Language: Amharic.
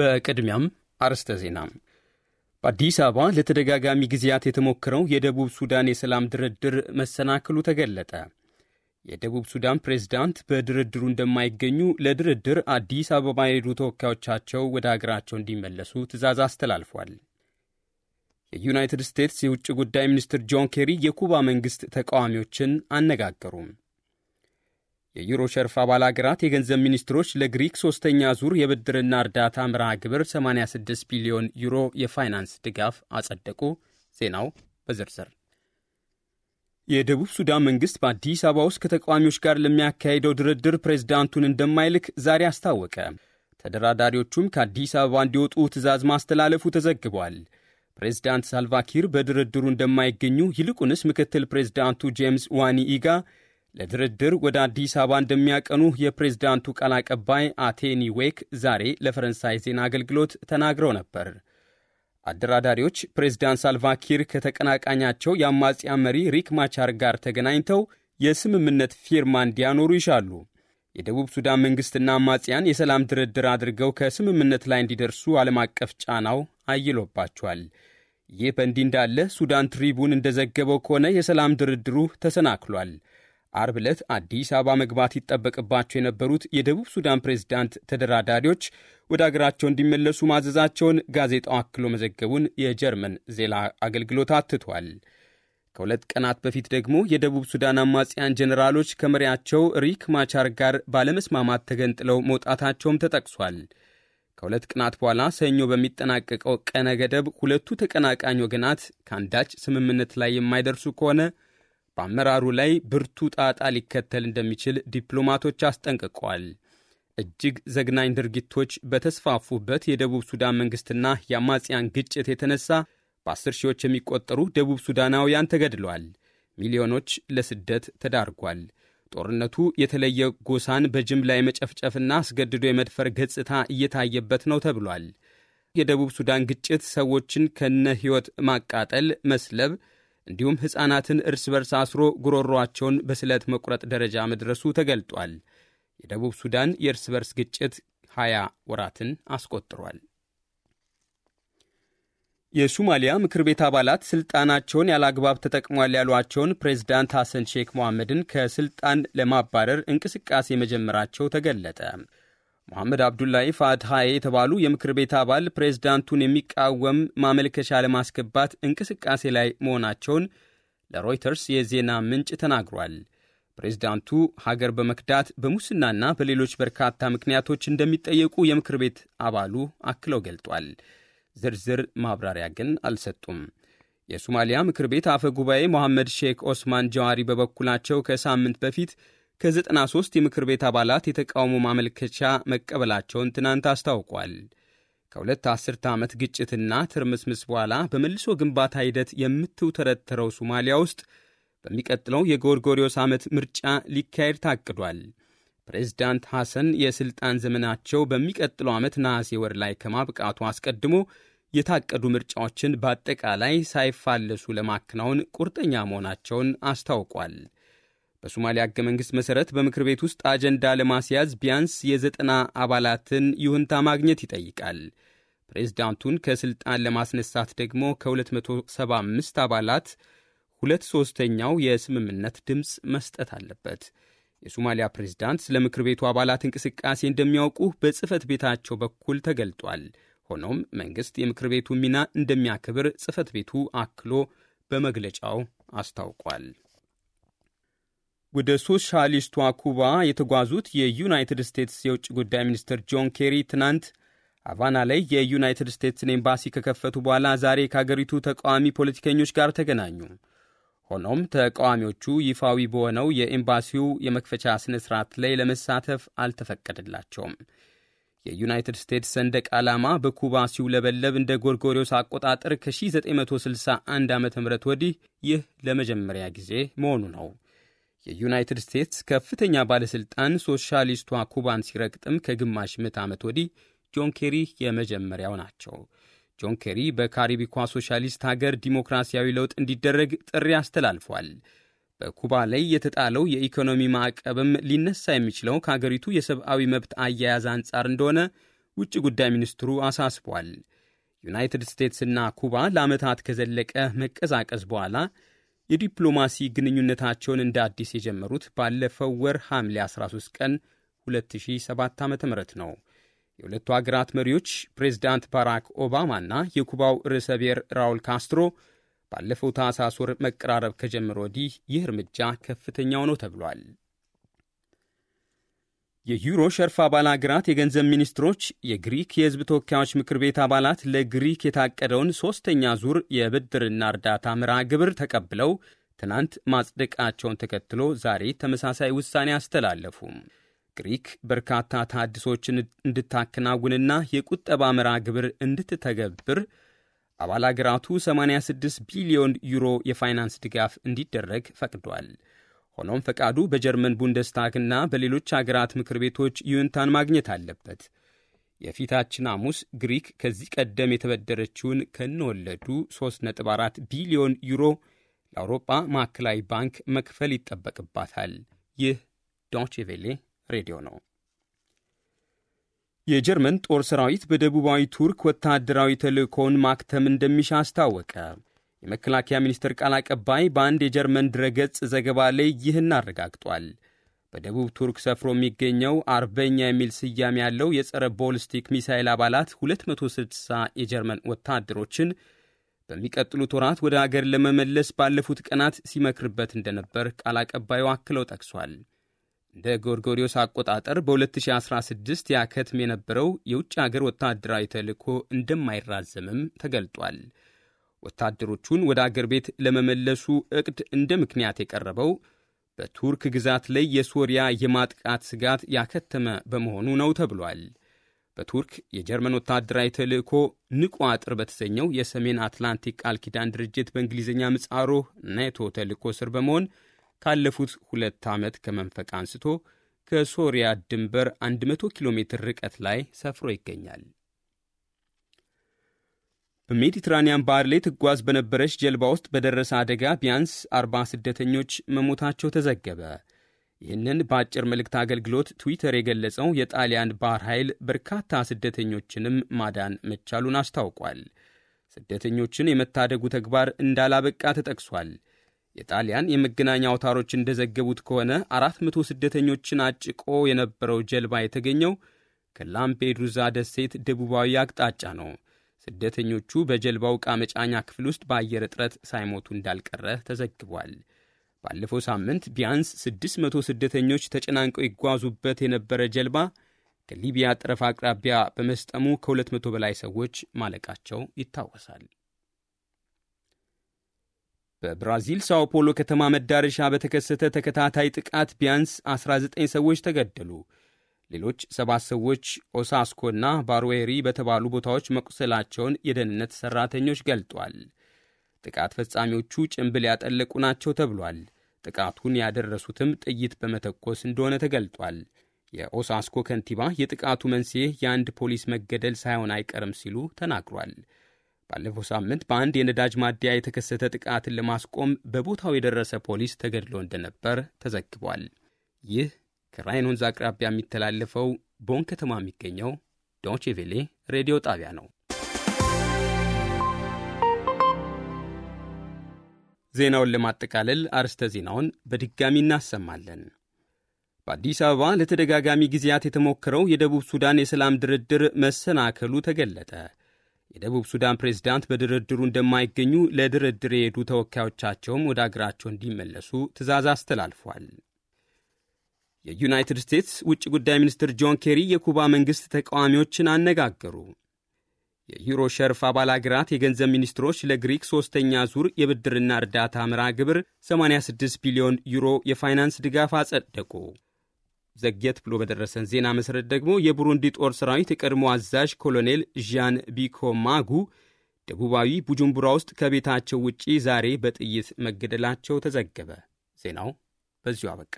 በቅድሚያም አርዕስተ ዜና። በአዲስ አበባ ለተደጋጋሚ ጊዜያት የተሞከረው የደቡብ ሱዳን የሰላም ድርድር መሰናክሉ ተገለጠ። የደቡብ ሱዳን ፕሬዝዳንት በድርድሩ እንደማይገኙ ለድርድር አዲስ አበባ የሄዱ ተወካዮቻቸው ወደ አገራቸው እንዲመለሱ ትዕዛዝ አስተላልፏል። የዩናይትድ ስቴትስ የውጭ ጉዳይ ሚኒስትር ጆን ኬሪ የኩባ መንግሥት ተቃዋሚዎችን አነጋገሩም። የዩሮ ሸርፍ አባል አገራት የገንዘብ ሚኒስትሮች ለግሪክ ሶስተኛ ዙር የብድርና እርዳታ ምርሃ ግብር 86 ቢሊዮን ዩሮ የፋይናንስ ድጋፍ አጸደቁ። ዜናው በዝርዝር የደቡብ ሱዳን መንግሥት በአዲስ አበባ ውስጥ ከተቃዋሚዎች ጋር ለሚያካሄደው ድርድር ፕሬዝዳንቱን እንደማይልክ ዛሬ አስታወቀ። ተደራዳሪዎቹም ከአዲስ አበባ እንዲወጡ ትዕዛዝ ማስተላለፉ ተዘግቧል። ፕሬዝዳንት ሳልቫኪር በድርድሩ እንደማይገኙ ይልቁንስ ምክትል ፕሬዝዳንቱ ጄምስ ዋኒ ኢጋ ለድርድር ወደ አዲስ አበባ እንደሚያቀኑ የፕሬዝዳንቱ ቃል አቀባይ አቴኒ ዌክ ዛሬ ለፈረንሳይ ዜና አገልግሎት ተናግረው ነበር። አደራዳሪዎች ፕሬዝዳንት ሳልቫኪር ከተቀናቃኛቸው የአማጽያ መሪ ሪክ ማቻር ጋር ተገናኝተው የስምምነት ፊርማ እንዲያኖሩ ይሻሉ። የደቡብ ሱዳን መንግሥትና አማጽያን የሰላም ድርድር አድርገው ከስምምነት ላይ እንዲደርሱ ዓለም አቀፍ ጫናው አይሎባቸዋል። ይህ በእንዲህ እንዳለ ሱዳን ትሪቡን እንደዘገበው ከሆነ የሰላም ድርድሩ ተሰናክሏል። አርብ ዕለት አዲስ አበባ መግባት ይጠበቅባቸው የነበሩት የደቡብ ሱዳን ፕሬዝዳንት ተደራዳሪዎች ወደ አገራቸው እንዲመለሱ ማዘዛቸውን ጋዜጣው አክሎ መዘገቡን የጀርመን ዜና አገልግሎት አትቷል። ከሁለት ቀናት በፊት ደግሞ የደቡብ ሱዳን አማጽያን ጀኔራሎች ከመሪያቸው ሪክ ማቻር ጋር ባለመስማማት ተገንጥለው መውጣታቸውም ተጠቅሷል። ከሁለት ቀናት በኋላ ሰኞ በሚጠናቀቀው ቀነ ገደብ ሁለቱ ተቀናቃኝ ወገናት ከአንዳች ስምምነት ላይ የማይደርሱ ከሆነ በአመራሩ ላይ ብርቱ ጣጣ ሊከተል እንደሚችል ዲፕሎማቶች አስጠንቅቀዋል። እጅግ ዘግናኝ ድርጊቶች በተስፋፉበት የደቡብ ሱዳን መንግሥትና የአማጽያን ግጭት የተነሳ በአስር ሺዎች የሚቆጠሩ ደቡብ ሱዳናውያን ተገድለዋል። ሚሊዮኖች ለስደት ተዳርጓል። ጦርነቱ የተለየ ጎሳን በጅምላ የመጨፍጨፍና አስገድዶ የመድፈር ገጽታ እየታየበት ነው ተብሏል። የደቡብ ሱዳን ግጭት ሰዎችን ከነ ሕይወት ማቃጠል፣ መስለብ እንዲሁም ሕፃናትን እርስ በርስ አስሮ ጉሮሯቸውን በስለት መቁረጥ ደረጃ መድረሱ ተገልጧል። የደቡብ ሱዳን የእርስ በርስ ግጭት 20 ወራትን አስቆጥሯል። የሱማሊያ ምክር ቤት አባላት ስልጣናቸውን ያላግባብ ተጠቅሟል ያሏቸውን ፕሬዝዳንት ሐሰን ሼክ መሐመድን ከስልጣን ለማባረር እንቅስቃሴ መጀመራቸው ተገለጠ። መሐመድ አብዱላሂ ፋትሐዬ የተባሉ የምክር ቤት አባል ፕሬዝዳንቱን የሚቃወም ማመልከቻ ለማስገባት እንቅስቃሴ ላይ መሆናቸውን ለሮይተርስ የዜና ምንጭ ተናግሯል። ፕሬዝዳንቱ ሀገር በመክዳት በሙስናና በሌሎች በርካታ ምክንያቶች እንደሚጠየቁ የምክር ቤት አባሉ አክለው ገልጧል። ዝርዝር ማብራሪያ ግን አልሰጡም። የሶማሊያ ምክር ቤት አፈ ጉባኤ ሞሐመድ ሼክ ኦስማን ጀዋሪ በበኩላቸው ከሳምንት በፊት ከ93 የምክር ቤት አባላት የተቃውሞ ማመልከቻ መቀበላቸውን ትናንት አስታውቋል። ከሁለት አስርተ ዓመት ግጭትና ትርምስምስ በኋላ በመልሶ ግንባታ ሂደት የምትውተረተረው ሶማሊያ ውስጥ በሚቀጥለው የጎርጎሪዮስ ዓመት ምርጫ ሊካሄድ ታቅዷል። ፕሬዝዳንት ሐሰን የሥልጣን ዘመናቸው በሚቀጥለው ዓመት ነሐሴ ወር ላይ ከማብቃቱ አስቀድሞ የታቀዱ ምርጫዎችን በአጠቃላይ ሳይፋለሱ ለማከናወን ቁርጠኛ መሆናቸውን አስታውቋል። በሶማሊያ ህገ መንግስት መሰረት በምክር ቤት ውስጥ አጀንዳ ለማስያዝ ቢያንስ የዘጠና አባላትን ይሁንታ ማግኘት ይጠይቃል። ፕሬዝዳንቱን ከስልጣን ለማስነሳት ደግሞ ከ275 አባላት ሁለት ሶስተኛው የስምምነት ድምፅ መስጠት አለበት። የሶማሊያ ፕሬዝዳንት ስለ ምክር ቤቱ አባላት እንቅስቃሴ እንደሚያውቁ በጽህፈት ቤታቸው በኩል ተገልጧል። ሆኖም መንግሥት የምክር ቤቱ ሚና እንደሚያከብር ጽህፈት ቤቱ አክሎ በመግለጫው አስታውቋል። ወደ ሶሻሊስቷ ኩባ የተጓዙት የዩናይትድ ስቴትስ የውጭ ጉዳይ ሚኒስትር ጆን ኬሪ ትናንት አቫና ላይ የዩናይትድ ስቴትስን ኤምባሲ ከከፈቱ በኋላ ዛሬ ከአገሪቱ ተቃዋሚ ፖለቲከኞች ጋር ተገናኙ። ሆኖም ተቃዋሚዎቹ ይፋዊ በሆነው የኤምባሲው የመክፈቻ ስነ ስርዓት ላይ ለመሳተፍ አልተፈቀደላቸውም። የዩናይትድ ስቴትስ ሰንደቅ ዓላማ በኩባ ሲውለበለብ እንደ ጎርጎሪዮስ አቆጣጠር ከ1961 ዓ ም ወዲህ ይህ ለመጀመሪያ ጊዜ መሆኑ ነው። የዩናይትድ ስቴትስ ከፍተኛ ባለሥልጣን ሶሻሊስቷ ኩባን ሲረግጥም ከግማሽ ምት ዓመት ወዲህ ጆን ኬሪ የመጀመሪያው ናቸው። ጆን ኬሪ በካሪቢኳ ሶሻሊስት ሀገር ዲሞክራሲያዊ ለውጥ እንዲደረግ ጥሪ አስተላልፏል። በኩባ ላይ የተጣለው የኢኮኖሚ ማዕቀብም ሊነሳ የሚችለው ከአገሪቱ የሰብአዊ መብት አያያዝ አንጻር እንደሆነ ውጭ ጉዳይ ሚኒስትሩ አሳስቧል። ዩናይትድ ስቴትስና ኩባ ለዓመታት ከዘለቀ መቀዛቀዝ በኋላ የዲፕሎማሲ ግንኙነታቸውን እንደ አዲስ የጀመሩት ባለፈው ወር ሐምሌ 13 ቀን 2007 ዓ ም ነው። የሁለቱ አገራት መሪዎች ፕሬዝዳንት ባራክ ኦባማና የኩባው ርዕሰ ብሔር ራውል ካስትሮ ባለፈው ታህሳስ ወር መቀራረብ ከጀመረ ወዲህ ይህ እርምጃ ከፍተኛው ነው ተብሏል። የዩሮ ሸርፍ አባል አገራት የገንዘብ ሚኒስትሮች የግሪክ የሕዝብ ተወካዮች ምክር ቤት አባላት ለግሪክ የታቀደውን ሦስተኛ ዙር የብድርና እርዳታ ምራ ግብር ተቀብለው ትናንት ማጽደቃቸውን ተከትሎ ዛሬ ተመሳሳይ ውሳኔ አስተላለፉ። ግሪክ በርካታ ታድሶችን እንድታከናውንና የቁጠባ ምራ ግብር እንድትተገብር አባል አገራቱ 86 ቢሊዮን ዩሮ የፋይናንስ ድጋፍ እንዲደረግ ፈቅዷል። ሆኖም ፈቃዱ በጀርመን ቡንደስታግና በሌሎች አገራት ምክር ቤቶች ይሁንታን ማግኘት አለበት። የፊታችን ሐሙስ ግሪክ ከዚህ ቀደም የተበደረችውን ከነወለዱ 3.4 ቢሊዮን ዩሮ ለአውሮጳ ማዕከላዊ ባንክ መክፈል ይጠበቅባታል። ይህ ዶቼ ቬሌ ሬዲዮ ነው። የጀርመን ጦር ሰራዊት በደቡባዊ ቱርክ ወታደራዊ ተልእኮውን ማክተም እንደሚሻ አስታወቀ። የመከላከያ ሚኒስቴር ቃል አቀባይ በአንድ የጀርመን ድረገጽ ዘገባ ላይ ይህን አረጋግጧል። በደቡብ ቱርክ ሰፍሮ የሚገኘው አርበኛ የሚል ስያሜ ያለው የጸረ ቦሊስቲክ ሚሳይል አባላት 260 የጀርመን ወታደሮችን በሚቀጥሉት ወራት ወደ አገር ለመመለስ ባለፉት ቀናት ሲመክርበት እንደነበር ቃል አቀባዩ አክለው ጠቅሷል። እንደ ጎርጎሪዮስ አቆጣጠር በ2016 ያከትም የነበረው የውጭ አገር ወታደራዊ ተልዕኮ እንደማይራዘምም ተገልጧል። ወታደሮቹን ወደ አገር ቤት ለመመለሱ እቅድ እንደ ምክንያት የቀረበው በቱርክ ግዛት ላይ የሶሪያ የማጥቃት ስጋት ያከተመ በመሆኑ ነው ተብሏል። በቱርክ የጀርመን ወታደራዊ ተልእኮ ንቁ አጥር በተሰኘው የሰሜን አትላንቲክ ቃል ኪዳን ድርጅት በእንግሊዝኛ ምጻሮ ናቶ ተልእኮ ስር በመሆን ካለፉት ሁለት ዓመት ከመንፈቅ አንስቶ ከሶሪያ ድንበር 100 ኪሎ ሜትር ርቀት ላይ ሰፍሮ ይገኛል። በሜዲትራኒያን ባህር ላይ ትጓዝ በነበረች ጀልባ ውስጥ በደረሰ አደጋ ቢያንስ አርባ ስደተኞች መሞታቸው ተዘገበ። ይህንን በአጭር መልእክት አገልግሎት ትዊተር የገለጸው የጣሊያን ባህር ኃይል በርካታ ስደተኞችንም ማዳን መቻሉን አስታውቋል። ስደተኞችን የመታደጉ ተግባር እንዳላበቃ ተጠቅሷል። የጣሊያን የመገናኛ አውታሮች እንደዘገቡት ከሆነ አራት መቶ ስደተኞችን አጭቆ የነበረው ጀልባ የተገኘው ከላምፔዱዛ ደሴት ደቡባዊ አቅጣጫ ነው። ስደተኞቹ በጀልባው ዕቃ መጫኛ ክፍል ውስጥ በአየር እጥረት ሳይሞቱ እንዳልቀረ ተዘግቧል። ባለፈው ሳምንት ቢያንስ 600 ስደተኞች ተጨናንቀው ይጓዙበት የነበረ ጀልባ ከሊቢያ ጠረፍ አቅራቢያ በመስጠሙ ከ200 በላይ ሰዎች ማለቃቸው ይታወሳል። በብራዚል ሳኦ ፖሎ ከተማ መዳረሻ በተከሰተ ተከታታይ ጥቃት ቢያንስ 19 ሰዎች ተገደሉ። ሌሎች ሰባት ሰዎች ኦሳስኮ እና ባርዌሪ በተባሉ ቦታዎች መቁሰላቸውን የደህንነት ሠራተኞች ገልጧል። ጥቃት ፈጻሚዎቹ ጭንብል ያጠለቁ ናቸው ተብሏል። ጥቃቱን ያደረሱትም ጥይት በመተኮስ እንደሆነ ተገልጧል። የኦሳስኮ ከንቲባ የጥቃቱ መንስኤ የአንድ ፖሊስ መገደል ሳይሆን አይቀርም ሲሉ ተናግሯል። ባለፈው ሳምንት በአንድ የነዳጅ ማደያ የተከሰተ ጥቃትን ለማስቆም በቦታው የደረሰ ፖሊስ ተገድሎ እንደነበር ተዘግቧል። ይህ ከራይን ወንዝ አቅራቢያ የሚተላለፈው ቦን ከተማ የሚገኘው ዶቼ ቬሌ ሬዲዮ ጣቢያ ነው። ዜናውን ለማጠቃለል አርስተ ዜናውን በድጋሚ እናሰማለን። በአዲስ አበባ ለተደጋጋሚ ጊዜያት የተሞከረው የደቡብ ሱዳን የሰላም ድርድር መሰናከሉ ተገለጠ። የደቡብ ሱዳን ፕሬዝዳንት በድርድሩ እንደማይገኙ፣ ለድርድር የሄዱ ተወካዮቻቸውም ወደ አገራቸው እንዲመለሱ ትዕዛዝ አስተላልፏል። የዩናይትድ ስቴትስ ውጭ ጉዳይ ሚኒስትር ጆን ኬሪ የኩባ መንግሥት ተቃዋሚዎችን አነጋገሩ። የዩሮ ሸርፍ አባል አገራት የገንዘብ ሚኒስትሮች ለግሪክ ሦስተኛ ዙር የብድርና እርዳታ ምራ ግብር 86 ቢሊዮን ዩሮ የፋይናንስ ድጋፍ አጸደቁ። ዘግየት ብሎ በደረሰን ዜና መሠረት ደግሞ የቡሩንዲ ጦር ሰራዊት የቀድሞ አዛዥ ኮሎኔል ዣን ማጉ ደቡባዊ ቡጁምቡራ ውስጥ ከቤታቸው ውጪ ዛሬ በጥይት መገደላቸው ተዘገበ። ዜናው በዚሁ አበቃ።